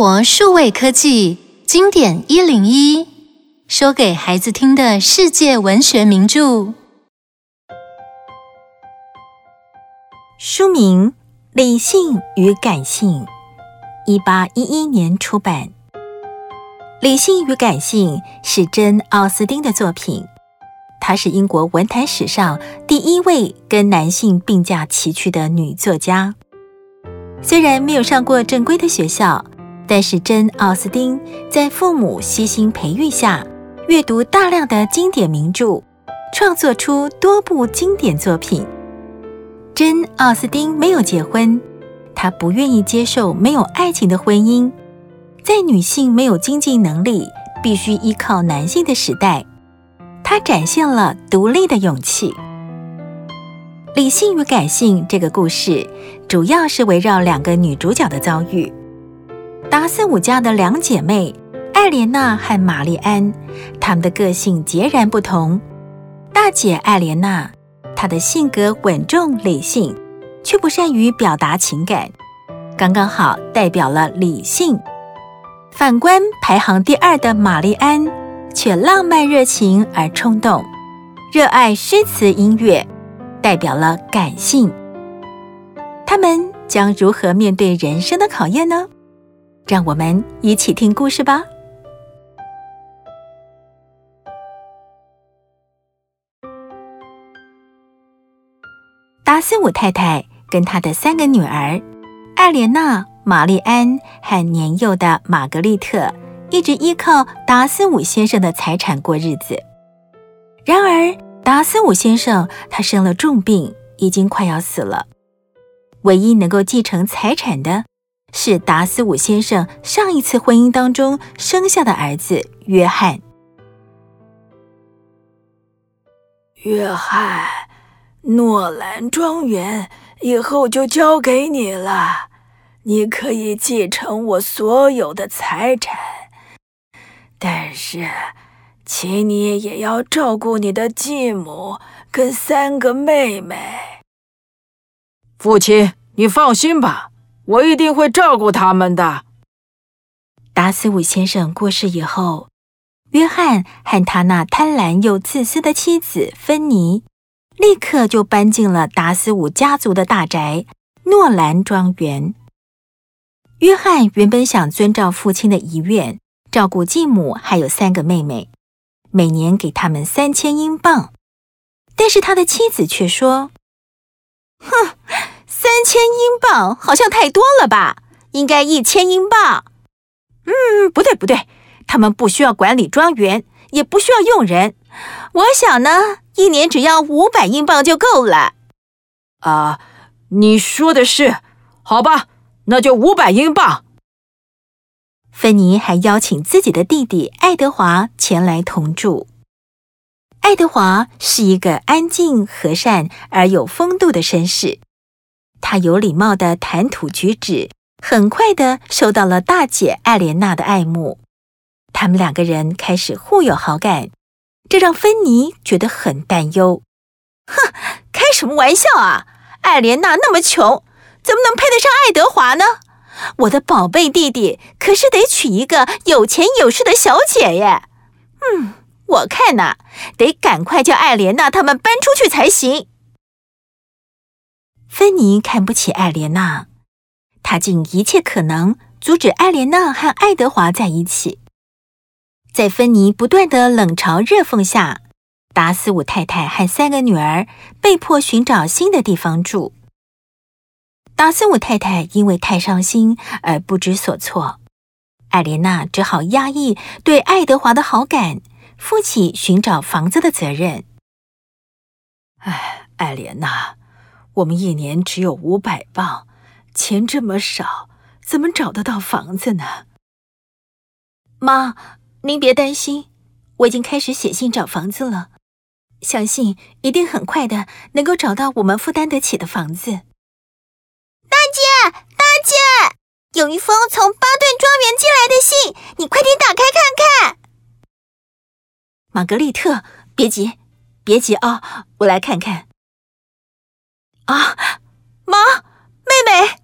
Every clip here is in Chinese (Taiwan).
國數位科技經典一零一，說給孩子聽的世界文學名著。書名《理性與感性》，一八一一年出版。《理性與感性》是珍·奧斯丁的作品，她是英國文壇史上第一位跟男性並駕齊驅的女作家。雖然沒有上過正規的學校。但是，珍奧斯汀在父母悉心培育下，閱讀大量的經典名著，創作出多部經典作品。珍奧斯汀沒有結婚，她不願意接受沒有愛情的婚姻。在女性沒有經濟能力、必須依靠男性的時代，她展現了獨立的勇氣。理性與感性這個故事，主要是圍繞兩個女主角的遭遇。達斯伍家的兩姐妹艾蓮娜和瑪麗安，她們的個性截然不同。大姐艾蓮娜，她的性格穩重理性，卻不善於表達情感，剛剛好代表了理性。反觀排行第二的瑪麗安，卻浪漫熱情而衝動，熱愛詩詞音樂，代表了感性。她們將如何面對人生的考驗呢？讓我們一起聽故事吧。達斯伍太太跟她的三個女兒，艾蓮娜、瑪麗安和年幼的瑪格麗特，一直依靠達斯伍先生的財產過日子。然而，達斯伍先生，他生了重病，已經快要死了。唯一能夠繼承財產的。是達斯伍先生上一次婚姻當中生下的兒子約翰。約翰，諾蘭莊園以後就交給你了，你可以繼承我所有的財產，但是，請你也要照顧你的繼母跟三個妹妹。父親，你放心吧。我一定會照顧他們的。達斯伍先生過世以後，約翰和他那貪婪又自私的妻子芬妮，立刻就搬進了達斯伍家族的大宅諾蘭莊園。約翰原本想遵照父親的遺願，照顧繼母還有三個妹妹，每年給他們三千英鎊。但是他的妻子卻說：“哼。”三千英鎊好像太多了吧？應該一千英鎊。嗯，不對不對，他們不需要管理莊園，也不需要用人。我想呢，一年只要五百英鎊就夠了。啊，你說的是，好吧，那就五百英鎊。芬妮還邀請自己的弟弟愛德華前來同住。愛德華是一個安靜、和善而有風度的紳士。他有禮貌的談吐舉止，很快的受到了大姐艾蓮娜的愛慕。他們兩個人開始互有好感，這讓芬妮覺得很擔憂。哼，開什麼玩笑啊？艾蓮娜那麼窮，怎麼能配得上愛德華呢？我的寶貝弟弟可是得娶一個有錢有勢的小姐耶。嗯，我看吶，得趕快叫艾蓮娜他們搬出去才行。芬尼看不起艾蓮娜，他盡一切可能阻止艾蓮娜和愛德華在一起。在芬尼不斷的冷嘲熱諷下，達斯伍太太和三個女兒被迫尋找新的地方住。達斯伍太太因為太傷心而不知所措，艾蓮娜只好壓抑對愛德華的好感，負起尋找房子的責任。哎，艾蓮娜。我們一年只有五百磅，錢這麼少，怎麼找得到房子呢？媽，您別擔心，我已經開始寫信找房子了，相信一定很快的能夠找到我們負擔得起的房子。大姐，大姐，有一封從巴頓莊園寄來的信，你快點打開看看。瑪格麗特，別急，別急啊，我來看看。啊，媽，妹妹，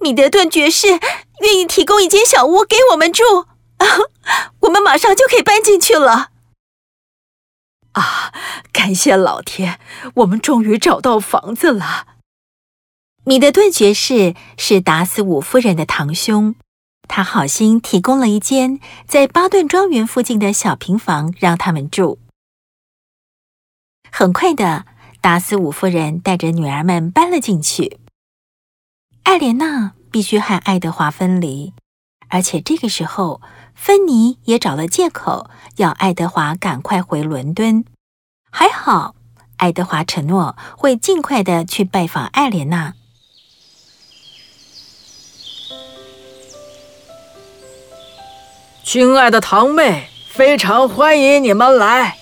米德頓爵士願意提供一間小屋給我們住，啊，我們馬上就可以搬進去了。啊，感謝老天，我們終於找到房子了。米德頓爵士是達斯伍夫人的堂兄，他好心提供了一間在巴頓莊園附近的小平房讓他們住。很快的。達斯伍夫人帶着女兒們搬了進去，艾蓮娜必須和愛德華分離，而且這個時候芬妮也找了借口要愛德華趕快回倫敦。還好，愛德華承諾會盡快的去拜訪愛蓮娜。親愛的堂妹，非常歡迎你們來，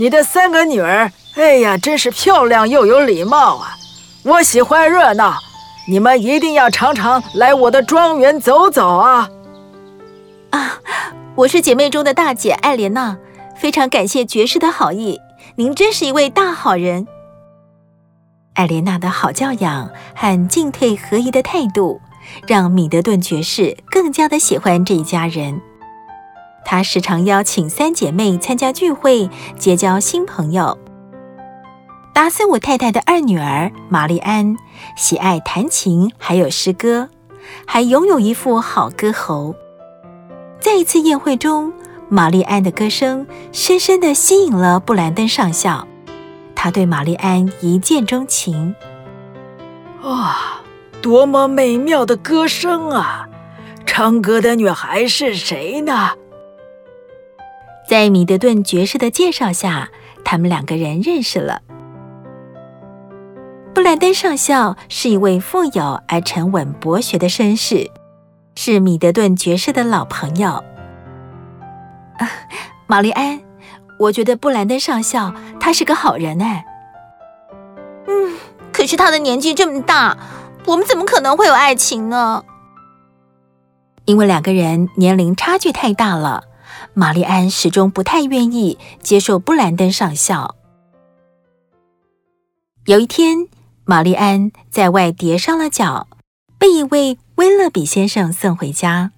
你的三個女兒。哎呀，真是漂亮又有禮貌啊！我喜歡熱鬧，你們一定要常常來我的莊園走走啊！啊，我是姐妹中的大姐艾蓮娜，非常感謝爵士的好意，您真是一位大好人。艾蓮娜的好教養和進退合宜的態度，讓米德頓爵士更加的喜歡這一家人。他時常邀請三姐妹參加聚會，結交新朋友。達斯伍太太的二女兒瑪麗安喜愛彈琴，還有詩歌，還擁有一副好歌喉。在一次宴會中，瑪麗安的歌聲深深地吸引了布蘭登上校，他對瑪麗安一見鍾情。啊、哦，多麼美妙的歌聲啊！唱歌的女孩是誰呢？在米德頓爵士的介紹下，他們兩個人認識了。布蘭登上校是一位富有而沉穩、博學的紳士，是米德頓爵士的老朋友。啊，瑪麗安，我覺得布蘭登上校他是個好人呢，啊。嗯，可是他的年紀這麼大，我們怎麼可能會有愛情呢？因為兩個人年齡差距太大了，瑪麗安始終不太願意接受布蘭登上校。有一天。瑪麗安在外跌傷了腳，被一位威勒比先生送回家。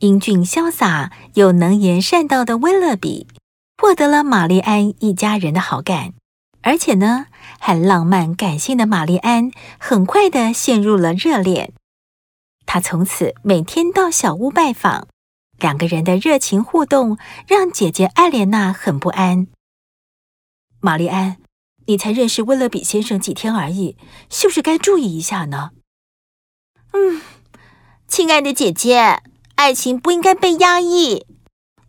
英俊瀟灑又能言善道的威勒比獲得了瑪麗安一家人的好感，而且呢，很浪漫感性的瑪麗安很快的陷入了熱戀。他從此每天到小屋拜訪，兩個人的熱情互動讓姐姐艾蓮娜很不安。瑪麗安。你才認識威勒比先生幾天而已，是不是該注意一下呢？嗯，親愛的姐姐，愛情不應該被壓抑。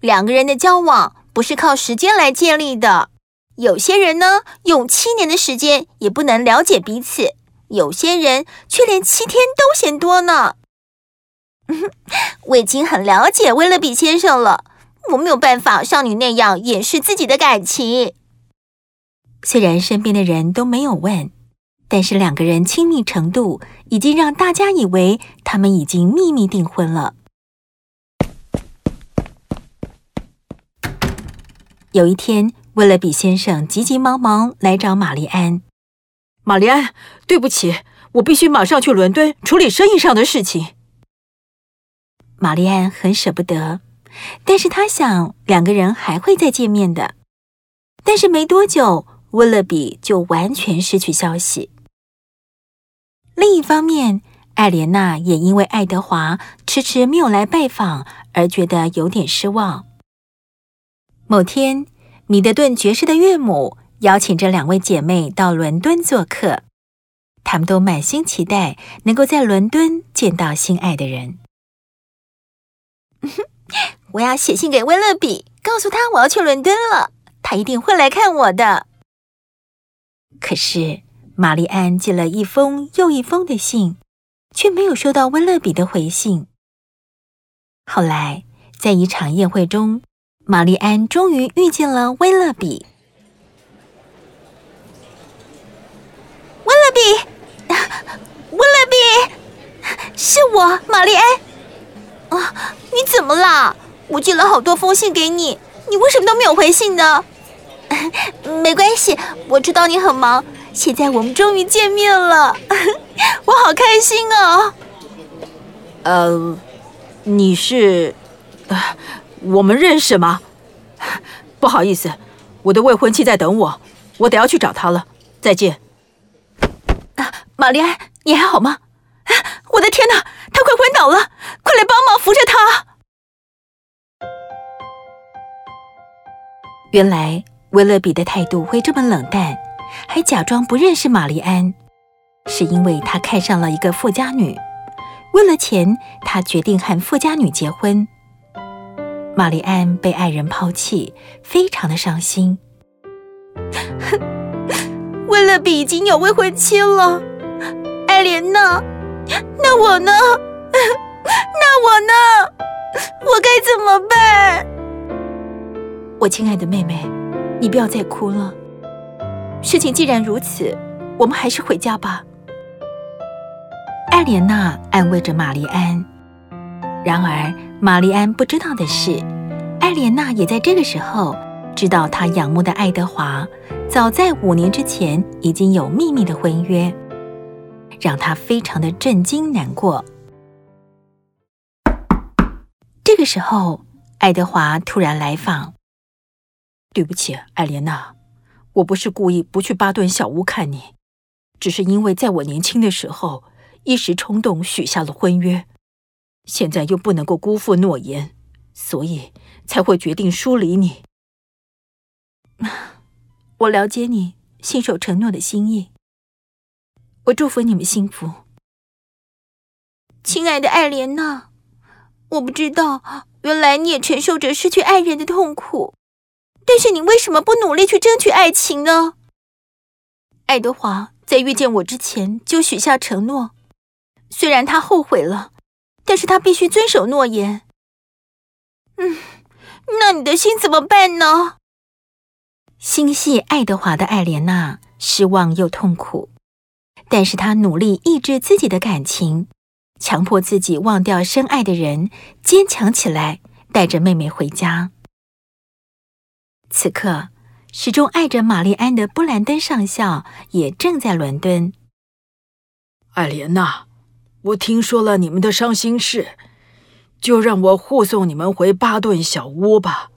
兩個人的交往不是靠時間來建立的。有些人呢，用七年的時間也不能了解彼此；有些人卻連七天都嫌多呢。 我已經很了解威勒比先生了，我沒有辦法像你那樣掩飾自己的感情。雖然身邊的人都沒有問，但是兩個人親密程度已經讓大家以為他們已經秘密訂婚了。有一天，威勒比先生急急忙忙來找瑪麗安：“瑪麗安，對不起，我必須馬上去倫敦處理生意上的事情。”瑪麗安很捨不得，但是她想兩個人還會再見面的。但是沒多久。溫勒比就完全失去消息。另一方面，艾蓮娜也因為愛德華遲遲沒有來拜訪而覺得有點失望。某天，米德頓爵士的岳母邀請這兩位姐妹到倫敦做客，她們都滿心期待能夠在倫敦見到心愛的人。我要寫信給溫勒比，告訴他我要去倫敦了，他一定會來看我的。可是，瑪麗安寄了一封又一封的信，卻沒有收到威勒比的回信。後來，在一場宴會中，瑪麗安終於遇見了威勒比。威勒比，啊，威勒比，是我，瑪麗安。啊，你怎麼了？我寄了好多封信給你，你為什麼都沒有回信呢？沒關係，我知道你很忙。現在我們終於見面了，我好開心哦、啊。呃，你是、呃？我們認識嗎？不好意思，我的未婚妻在等我，我得要去找她了。再見。啊，瑪麗安，你還好嗎？啊、我的天哪，她快昏倒了，快來幫忙扶着她。原來。威勒比的態度會這麼冷淡，還假裝不認識瑪麗安，是因為他看上了一個富家女。為了錢，他決定和富家女結婚。瑪麗安被愛人拋棄，非常的傷心。哼， 威勒比已經有未婚妻了，艾蓮娜。那我呢？那我呢？我該怎麼辦？我親愛的妹妹。你不要再哭了。事情既然如此，我們還是回家吧。艾蓮娜安慰着瑪麗安。然而，瑪麗安不知道的是，艾蓮娜也在這個時候知道她仰慕的愛德華早在五年之前已經有秘密的婚約，讓她非常的震驚難過。這個時候，愛德華突然來訪。對不起，艾蓮娜，我不是故意不去巴頓小屋看你，只是因為在我年輕的時候一時衝動許下了婚約，現在又不能夠辜負諾言，所以才會決定疏離你。 我了解你信守承諾的心意，我祝福你們幸福。親愛的艾蓮娜，我不知道，原來你也承受着失去愛人的痛苦。但是你為什麼不努力去爭取愛情呢？愛德華在遇見我之前就許下承諾，雖然他後悔了，但是他必須遵守諾言。嗯，那你的心怎麼辦呢？心繫愛德華的愛蓮娜失望又痛苦，但是她努力抑制自己的感情，強迫自己忘掉深愛的人，堅強起來，帶着妹妹回家。此刻，始終愛着瑪麗安的布蘭登上校也正在倫敦。艾蓮娜，我聽說了你們的傷心事，就讓我護送你們回巴頓小屋吧。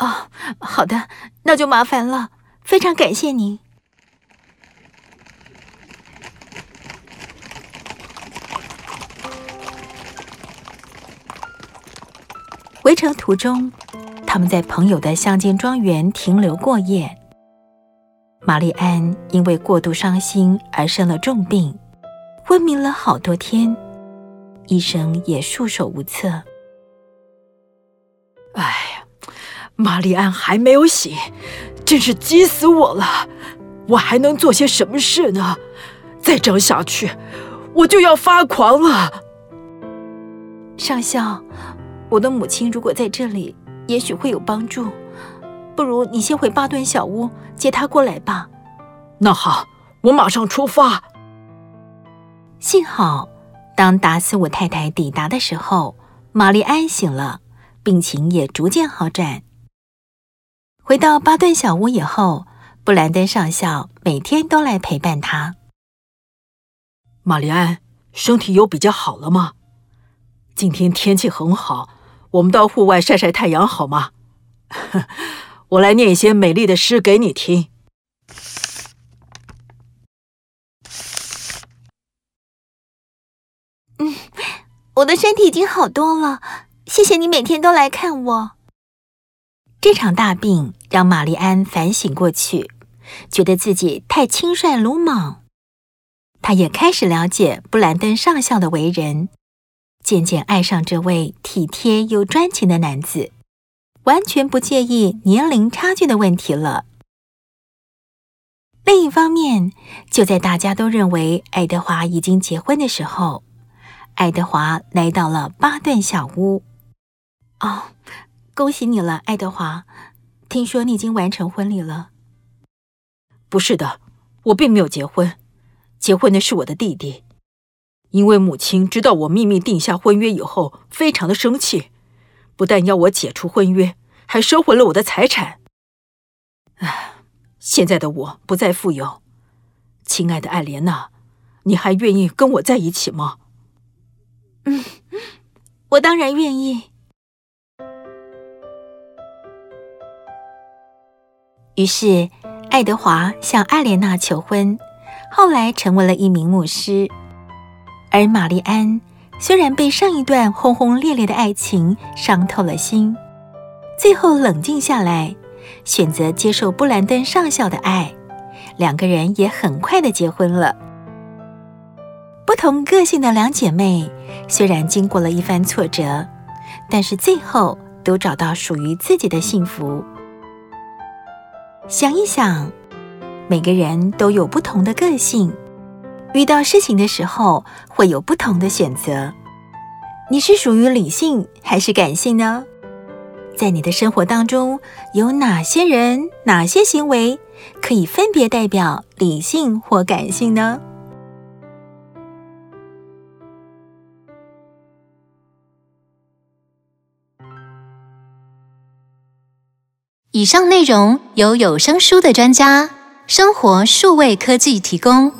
哦，好的，那就麻煩了，非常感謝您。回程途中。他們在朋友的鄉間莊園停留過夜。瑪麗安因為過度傷心而生了重病，昏迷了好多天，醫生也束手無策。哎呀，瑪麗安還沒有醒，真是急死我了！我還能做些什麼事呢？再這樣下去，我就要發狂了。上校，我的母親如果在這裡……也許會有幫助，不如你先回巴頓小屋接他過來吧。那好，我馬上出發。幸好，當達斯伍太太抵達的時候，瑪麗安醒了，病情也逐漸好轉。回到巴頓小屋以後，布蘭登上校每天都來陪伴他。瑪麗安，身體有比較好了嗎？今天天氣很好。我們到戶外曬曬太陽好嗎？ 我來念一些美麗的詩給你聽。嗯，我的身體已經好多了，謝謝你每天都來看我。這場大病讓瑪麗安反省過去，覺得自己太輕率魯莽，她也開始了解布蘭登上校的為人，漸漸愛上這位體貼又專情的男子，完全不介意年齡差距的問題了。另一方面，就在大家都認為愛德華已經結婚的時候，愛德華來到了巴頓小屋。哦，恭喜你了，愛德華！聽說你已經完成婚禮了？不是的，我並沒有結婚，結婚的是我的弟弟。因為母親知道我秘密定下婚約以後，非常的生氣，不但要我解除婚約，還收回了我的財產。唉，現在的我不再富有。親愛的艾蓮娜，你還願意跟我在一起嗎？嗯，我當然願意。於是，愛德華向艾蓮娜求婚，後來成為了一名牧師。而瑪麗安雖然被上一段轟轟烈烈的愛情傷透了心，最後冷靜下來，選擇接受布蘭登上校的愛，兩個人也很快的結婚了。不同個性的兩姐妹雖然經過了一番挫折，但是最後都找到屬於自己的幸福。想一想，每個人都有不同的個性。遇到事情的時候，會有不同的選擇。你是屬於理性還是感性呢？在你的生活當中，有哪些人、哪些行為可以分別代表理性或感性呢？以上內容由有聲書的專家聲活數位科技提供。